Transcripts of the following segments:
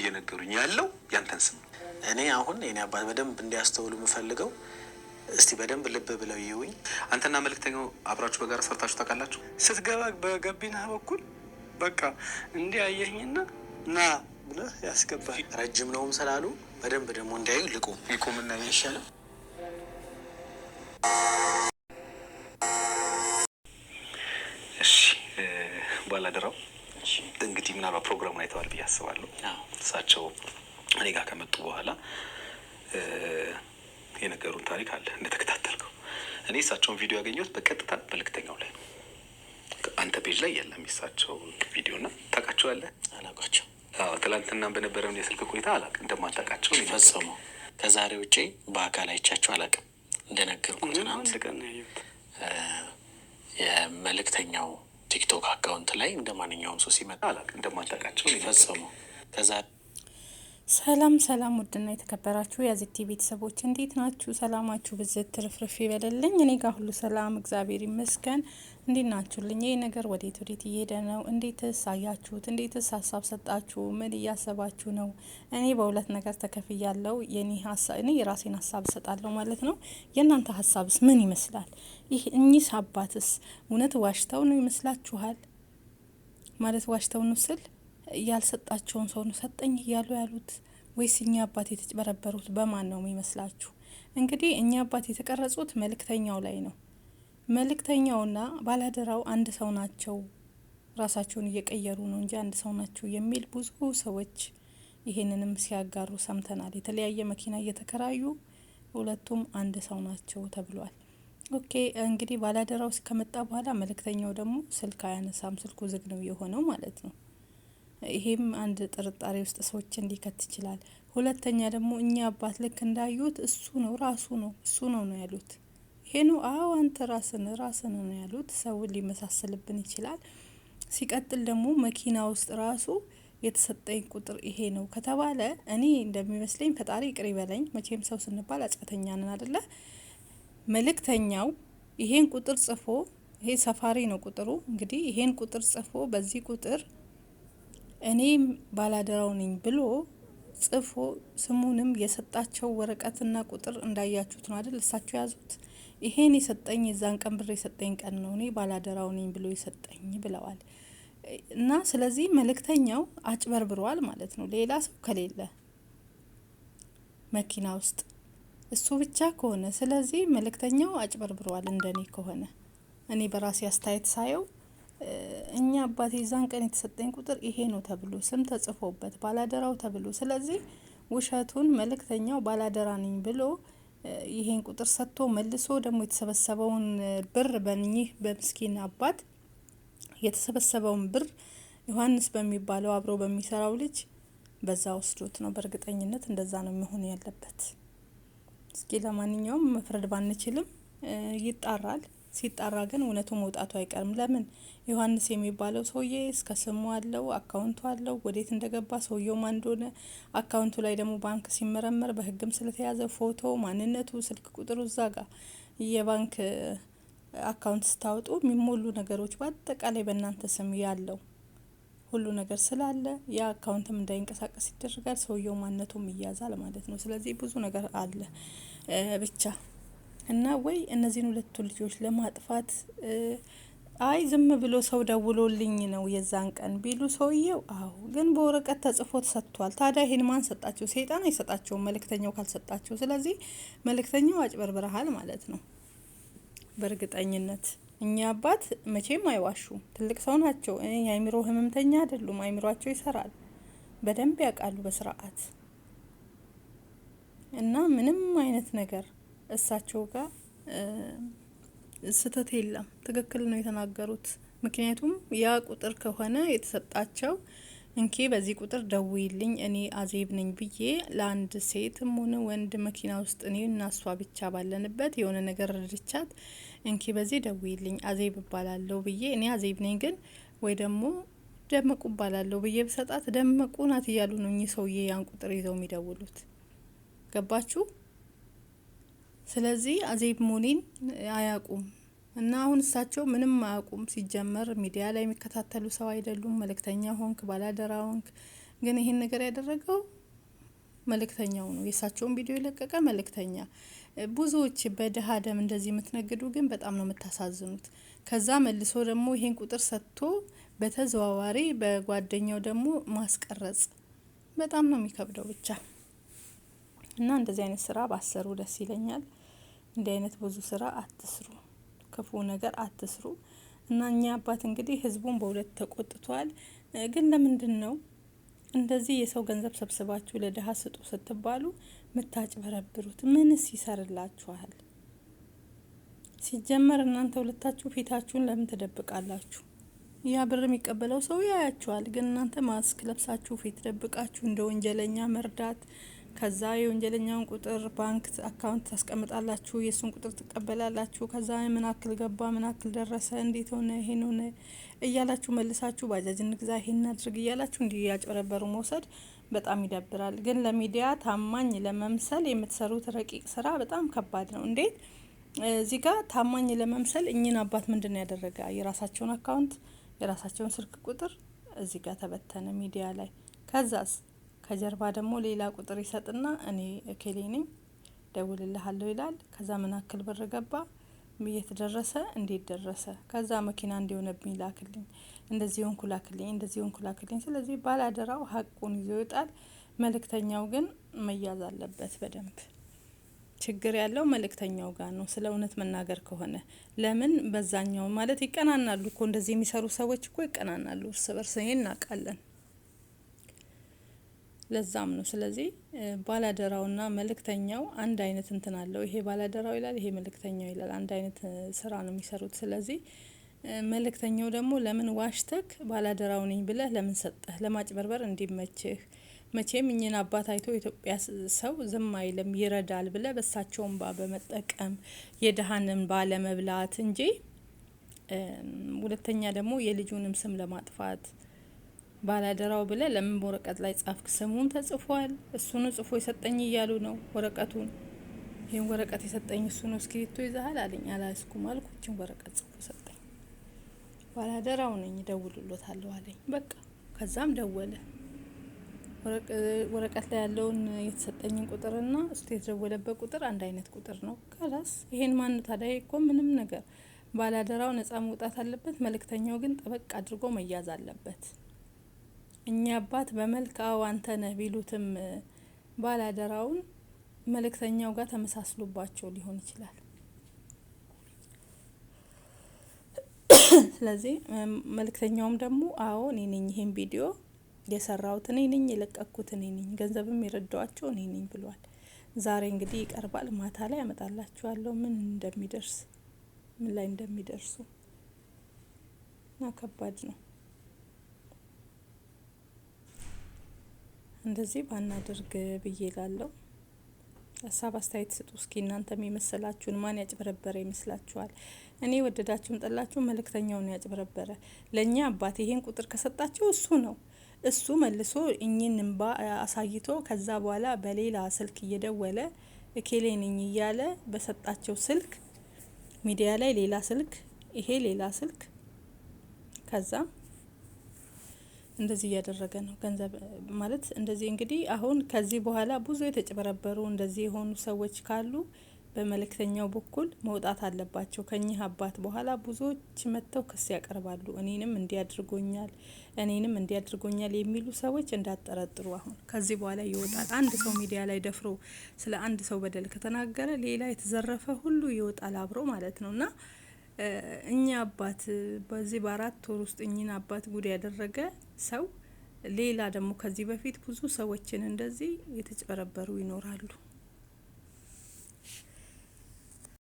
እየነገሩኝ ያለው ያንተን ስም። እኔ አሁን የኔ አባት በደንብ እንዲያስተውሉ የምፈልገው እስቲ በደንብ ልብ ብለው ይውኝ። አንተና መልእክተኛው አብራችሁ በጋራ ሰርታችሁ ታውቃላችሁ? ስትገባ በገቢና በኩል በቃ እንዲህ አየኝና ና ብለህ ያስገባል። ረጅም ነውም ስላሉ በደንብ ደግሞ እንዲያዩ ልቁ ይቁምና ይሻለም እሺ ባላደራው ምናልባት ፕሮግራሙን አይተዋል ብዬ አስባለሁ። እሳቸው እኔ ጋር ከመጡ በኋላ የነገሩን ታሪክ አለ እንደተከታተልከው። እኔ እሳቸውን ቪዲዮ ያገኘሁት በቀጥታ መልእክተኛው ላይ ነው። አንተ ፔጅ ላይ የለም የእሳቸውን ቪዲዮ እና ታውቃቸዋለህ? አላውቃቸው። ትላንትና በነበረም የስልክ ቆይታ አላውቅም እንደማታውቃቸው ፈጽሞ። ከዛሬ ውጭ በአካል አይቻቸው አላውቅም። እንደነገርኩት የመልእክተኛው ቲክቶክ አካውንት ላይ እንደ ማንኛውም ሰው ሲመጣ አላውቅም እንደማታውቃቸው ፈጽሞ ከዛ ሰላም ሰላም፣ ውድና የተከበራችሁ የአዜቲ ቤተሰቦች እንዴት ናችሁ? ሰላማችሁ ብዝት ትርፍርፍ ይበለልኝ። እኔ ጋር ሁሉ ሰላም እግዚአብሔር ይመስገን። እንዴት ናችሁልኝ? ይህ ነገር ወዴት ወዴት እየሄደ ነው? እንዴትስ አያችሁት? እንዴትስ ሀሳብ ሰጣችሁ? ምን እያሰባችሁ ነው? እኔ በሁለት ነገር ያለው እኔ የራሴን ሀሳብ እሰጣለሁ ማለት ነው። የእናንተ ሀሳብስ ምን ይመስላል? ይህ እኚህ አባትስ እውነት ዋሽተው ነው ይመስላችኋል? ማለት ዋሽተው ነው ስል ያልሰጣቸውን ሰው ነው ሰጠኝ እያሉ ያሉት ወይስ እኛ አባት የተጭበረበሩት በማን ነው የሚመስላችሁ? እንግዲህ እኛ አባት የተቀረጹት መልእክተኛው ላይ ነው። መልእክተኛውና ባላደራው አንድ ሰው ናቸው፣ ራሳቸውን እየቀየሩ ነው እንጂ አንድ ሰው ናቸው የሚል ብዙ ሰዎች ይሄንንም ሲያጋሩ ሰምተናል። የተለያየ መኪና እየተከራዩ ሁለቱም አንድ ሰው ናቸው ተብሏል። ኦኬ እንግዲህ ባላደራው ከመጣ በኋላ መልእክተኛው ደግሞ ስልክ አያነሳም፣ ስልኩ ዝግ ነው የሆነው ማለት ነው። ይሄም አንድ ጥርጣሬ ውስጥ ሰዎችን ሊከት ይችላል። ሁለተኛ ደግሞ እኛ አባት ልክ እንዳዩት እሱ ነው ራሱ ነው እሱ ነው ነው ያሉት ይሄ ነው። አዎ አንተ ራስን ራስን ነው ያሉት ሰውን ሊመሳሰልብን ይችላል። ሲቀጥል ደግሞ መኪና ውስጥ ራሱ የተሰጠኝ ቁጥር ይሄ ነው ከተባለ እኔ እንደሚመስለኝ ፈጣሪ ቅሪ በለኝ። መቼም ሰው ስንባል አጫተኛ ነን አደለ? መልእክተኛው ይሄን ቁጥር ጽፎ ይሄ ሰፋሪ ነው ቁጥሩ እንግዲህ ይሄን ቁጥር ጽፎ በዚህ ቁጥር እኔ ባላደራው ነኝ ብሎ ጽፎ ስሙንም የሰጣቸው ወረቀትና ቁጥር እንዳያችሁት ነው አይደል? እሳቸው ያዙት። ይሄን የሰጠኝ የዛን ቀን ብር የሰጠኝ ቀን ነው እኔ ባላደራው ነኝ ብሎ የሰጠኝ ብለዋል። እና ስለዚህ መልእክተኛው አጭበርብሯል ማለት ነው። ሌላ ሰው ከሌለ መኪና ውስጥ እሱ ብቻ ከሆነ፣ ስለዚህ መልእክተኛው አጭበርብሯል እንደኔ ከሆነ እኔ በራሴ አስተያየት ሳየው እኛ አባቴ ዛን ቀን የተሰጠኝ ቁጥር ይሄ ነው ተብሎ ስም ተጽፎበት ባላደራው ተብሎ ስለዚህ ውሸቱን መልእክተኛው ባላደራ ነኝ ብሎ ይሄን ቁጥር ሰጥቶ መልሶ ደግሞ የተሰበሰበውን ብር በእኚህ በምስኪን አባት የተሰበሰበውን ብር ዮሐንስ በሚባለው አብሮ በሚሰራው ልጅ በዛ ወስዶት ነው። በእርግጠኝነት እንደዛ ነው የሚሆን ያለበት። እስኪ ለማንኛውም መፍረድ ባንችልም ይጣራል። ሲጣራ ግን እውነቱ መውጣቱ አይቀርም። ለምን ዮሐንስ የሚባለው ሰውዬ እስከ ስሙ አለው፣ አካውንቱ አለው፣ ወዴት እንደገባ ሰውየው ማን እንደሆነ አካውንቱ ላይ ደግሞ ባንክ ሲመረመር በህግም ስለተያዘ ፎቶ፣ ማንነቱ፣ ስልክ ቁጥሩ እዛ ጋር የባንክ አካውንት ስታወጡ የሚሞሉ ነገሮች በአጠቃላይ በእናንተ ስም ያለው ሁሉ ነገር ስላለ ያ አካውንትም እንዳይንቀሳቀስ ይደረጋል። ሰውየው ማንነቱም ይያዛል ማለት ነው። ስለዚህ ብዙ ነገር አለ ብቻ እና ወይ እነዚህን ሁለቱ ልጆች ለማጥፋት አይ ዝም ብሎ ሰው ደውሎልኝ ነው የዛን ቀን ቢሉ ሰውየው አሁ ግን በወረቀት ተጽፎ ተሰጥቷል። ታዲያ ይሄን ማን ሰጣቸው? ሰይጣን አይሰጣቸውም፣ መልእክተኛው ካልሰጣቸው። ስለዚህ መልእክተኛው አጭበርብረሃል ማለት ነው። በእርግጠኝነት እኛ አባት መቼም አይዋሹም፣ ትልቅ ሰው ናቸው። የአይምሮ ህመምተኛ አይደሉም። አይምሯቸው ይሰራል፣ በደንብ ያውቃሉ በስርዓት እና ምንም አይነት ነገር እሳቸው ጋር ስህተት የለም፣ ትክክል ነው የተናገሩት። ምክንያቱም ያ ቁጥር ከሆነ የተሰጣቸው እንኬ በዚህ ቁጥር ደውይልኝ እኔ አዜብ ነኝ ብዬ ለአንድ ሴትም ሆነ ወንድ መኪና ውስጥ እኔ እና እሷ ብቻ ባለንበት የሆነ ነገር ርድቻት እንኬ በዚህ ደውይልኝ አዜብ እባላለሁ ብዬ እኔ አዜብ ነኝ ግን ወይ ደግሞ ደመቁ እባላለሁ ብዬ ብሰጣት ደመቁ ናት እያሉ ነው እኚህ ሰውዬ ያን ቁጥር ይዘው የሚደውሉት። ገባችሁ? ስለዚህ አዜብ ሙኒን አያውቁም እና አሁን እሳቸው ምንም አያውቁም። ሲጀመር ሚዲያ ላይ የሚከታተሉ ሰው አይደሉም። መልእክተኛ ሆንክ ባላደራ ሆንክ፣ ግን ይህን ነገር ያደረገው መልእክተኛው ነው። የእሳቸውን ቪዲዮ የለቀቀ መልእክተኛ። ብዙዎች በድሀ ደም እንደዚህ የምትነግዱ ግን በጣም ነው የምታሳዝኑት። ከዛ መልሶ ደግሞ ይሄን ቁጥር ሰጥቶ በተዘዋዋሪ በጓደኛው ደግሞ ማስቀረጽ በጣም ነው የሚከብደው ብቻ እና እንደዚህ አይነት ስራ ባሰሩ ደስ ይለኛል። እንዲህ አይነት ብዙ ስራ አትስሩ፣ ክፉ ነገር አትስሩ እና እኛ አባት እንግዲህ ህዝቡን በሁለት ተቆጥቷል። ግን ለምንድን ነው እንደዚህ የሰው ገንዘብ ሰብስባችሁ ለድሀ ስጡ ስትባሉ የምታጭበረብሩት? ምንስ ይሰርላችኋል? ሲጀመር እናንተ ሁለታችሁ ፊታችሁን ለምን ትደብቃላችሁ? ያ ብር የሚቀበለው ሰው ያያችኋል። ግን እናንተ ማስክ ለብሳችሁ ፊት ደብቃችሁ እንደ ወንጀለኛ መርዳት ከዛ የወንጀለኛውን ቁጥር ባንክ አካውንት ታስቀምጣላችሁ፣ የእሱን ቁጥር ትቀበላላችሁ። ከዛ ምን አክል ገባ፣ ምን አክል ደረሰ፣ እንዴት ሆነ፣ ይሄን ሆነ እያላችሁ መልሳችሁ ባጃጅ እንግዛ፣ ይሄን አድርግ እያላችሁ እንዲህ ያጭበረበሩ መውሰድ በጣም ይደብራል። ግን ለሚዲያ ታማኝ ለመምሰል የምትሰሩት ረቂቅ ስራ በጣም ከባድ ነው። እንዴት እዚህ ጋር ታማኝ ለመምሰል እኚህን አባት ምንድን ነው ያደረገ? የራሳቸውን አካውንት የራሳቸውን ስልክ ቁጥር እዚህ ጋር ተበተነ ሚዲያ ላይ ከዛስ ከጀርባ ደግሞ ሌላ ቁጥር ይሰጥና እኔ እኬሌ ነኝ ደውልልሃለሁ ይላል። ከዛ ምን አክል ብር ገባ፣ የት ደረሰ፣ እንዴት ደረሰ፣ ከዛ መኪና እንዲሆነብኝ ላክልኝ፣ እንደዚህ ሆንኩ ላክልኝ፣ እንደዚህ ሆንኩ ላክልኝ። ስለዚህ ባላደራው ሀቁን ይዞ ይወጣል። መልእክተኛው ግን መያዝ አለበት በደንብ ችግር ያለው መልእክተኛው ጋር ነው። ስለ እውነት መናገር ከሆነ ለምን በዛኛው ማለት ይቀናናሉ እኮ እንደዚህ የሚሰሩ ሰዎች እኮ ይቀናናሉ እርስ በርስ። ይሄ እናውቃለን። ለዛም ነው። ስለዚህ ባላደራውና መልእክተኛው አንድ አይነት እንትን አለው። ይሄ ባላደራው ይላል፣ ይሄ መልእክተኛው ይላል። አንድ አይነት ስራ ነው የሚሰሩት። ስለዚህ መልእክተኛው ደግሞ ለምን ዋሽተክ ባላደራው ነኝ ብለህ ለምን ሰጠህ? ለማጭበርበር እንዲመችህ። መቼም እኝን አባት አይቶ የኢትዮጵያ ሰው ዝም አይልም ይረዳል ብለ በሳቸው ባ በመጠቀም ባለ ባለመብላት እንጂ ሁለተኛ ደግሞ የልጁንም ስም ለማጥፋት ባላደራው ብለ ለምን በወረቀት ላይ ጻፍክ? ስሙም ተጽፏል። እሱን ጽፎ የሰጠኝ እያሉ ነው ወረቀቱን። ይህን ወረቀት የሰጠኝ እሱ ነው። እስክሪብቶ ይዛሃል አለኝ። አላያዝኩም አልኩችን። ወረቀት ጽፎ ሰጠኝ። ባላደራው ነኝ እደውልሎታለሁ አለኝ። በቃ ከዛም ደወለ። ወረቀት ላይ ያለውን የተሰጠኝን ቁጥርና እሱ የተደወለበት ቁጥር አንድ አይነት ቁጥር ነው። ከላስ ይሄን ማን ታዲያ እኮ ምንም ነገር ባላደራው ነጻ መውጣት አለበት። መልእክተኛው ግን ጠበቅ አድርጎ መያዝ አለበት። እኛ አባት በመልክ አዎ አንተ ነህ ቢሉትም ባላደራውን መልእክተኛው ጋር ተመሳስሎባቸው ሊሆን ይችላል። ስለዚህ መልእክተኛውም ደግሞ አዎ እኔ ነኝ ይሄን ቪዲዮ የሰራሁት እኔ ነኝ የለቀኩት እኔ ነኝ ገንዘብም የረዳዋቸው እኔ ነኝ ብሏል። ዛሬ እንግዲህ ይቀርባል። ማታ ላይ ያመጣላችኋለሁ ምን እንደሚደርስ ምን ላይ እንደሚደርሱ እና ከባድ ነው። እንደዚህ ባናድርግ ብዬ ላለው ሀሳብ አስተያየት ስጡ። እስኪ እናንተም የመሰላችሁን ማን ያጭበረበረ ይመስላችኋል? እኔ ወደዳችሁም ጠላችሁ መልእክተኛውን ያጭበረበረ ለእኛ አባት ይሄን ቁጥር ከሰጣቸው እሱ ነው እሱ መልሶ እኚህን እንባ አሳይቶ ከዛ በኋላ በሌላ ስልክ እየደወለ እኬሌንኝ እያለ በሰጣቸው ስልክ ሚዲያ ላይ ሌላ ስልክ፣ ይሄ ሌላ ስልክ ከዛ እንደዚህ እያደረገ ነው ገንዘብ ማለት እንደዚህ እንግዲህ አሁን ከዚህ በኋላ ብዙ የተጭበረበሩ እንደዚህ የሆኑ ሰዎች ካሉ በመልእክተኛው በኩል መውጣት አለባቸው። ከኚህ አባት በኋላ ብዙዎች መጥተው ክስ ያቀርባሉ። እኔንም እንዲያድርጎኛል እኔንም እንዲያድርጎኛል የሚሉ ሰዎች እንዳጠረጥሩ አሁን ከዚህ በኋላ ይወጣል። አንድ ሰው ሚዲያ ላይ ደፍሮ ስለ አንድ ሰው በደል ከተናገረ ሌላ የተዘረፈ ሁሉ ይወጣል አብሮ ማለት ነው እና እኛ አባት በዚህ በአራት ወር ውስጥ እኚህን አባት ጉድ ያደረገ ሰው ሌላ ደግሞ ከዚህ በፊት ብዙ ሰዎችን እንደዚህ የተጭበረበሩ ይኖራሉ።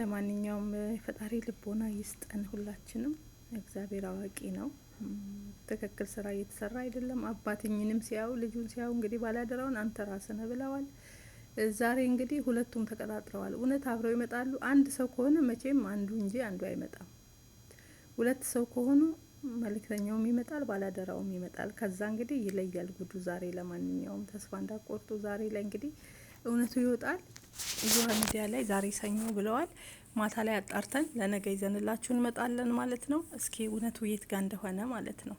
ለማንኛውም የፈጣሪ ልቦና ይስጠን ሁላችንም። እግዚአብሔር አዋቂ ነው። ትክክል ስራ እየተሰራ አይደለም። አባትኝንም ሲያው ሲያዩ ልጁን ሲያው እንግዲህ ባላደራውን አንተ ራስህ ነህ ብለዋል። ዛሬ እንግዲህ ሁለቱም ተቀጣጥረዋል። እውነት አብረው ይመጣሉ? አንድ ሰው ከሆነ መቼም አንዱ እንጂ አንዱ አይመጣም። ሁለት ሰው ከሆኑ መልእክተኛውም ይመጣል፣ ባላደራውም ይመጣል። ከዛ እንግዲህ ይለያል ጉዱ ዛሬ። ለማንኛውም ተስፋ እንዳቆርጡ ዛሬ ላይ እንግዲህ እውነቱ ይወጣል። ዙሃ ሚዲያ ላይ ዛሬ ሰኞ ብለዋል። ማታ ላይ አጣርተን ለነገ ይዘንላችሁ እንመጣለን ማለት ነው። እስኪ እውነቱ የት ጋር እንደሆነ ማለት ነው።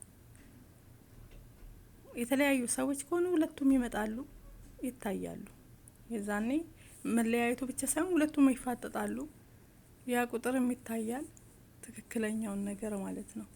የተለያዩ ሰዎች ከሆኑ ሁለቱም ይመጣሉ፣ ይታያሉ። የዛኔ መለያየቱ ብቻ ሳይሆን ሁለቱም ይፋጠጣሉ። ያ ቁጥርም ይታያል፣ ትክክለኛውን ነገር ማለት ነው።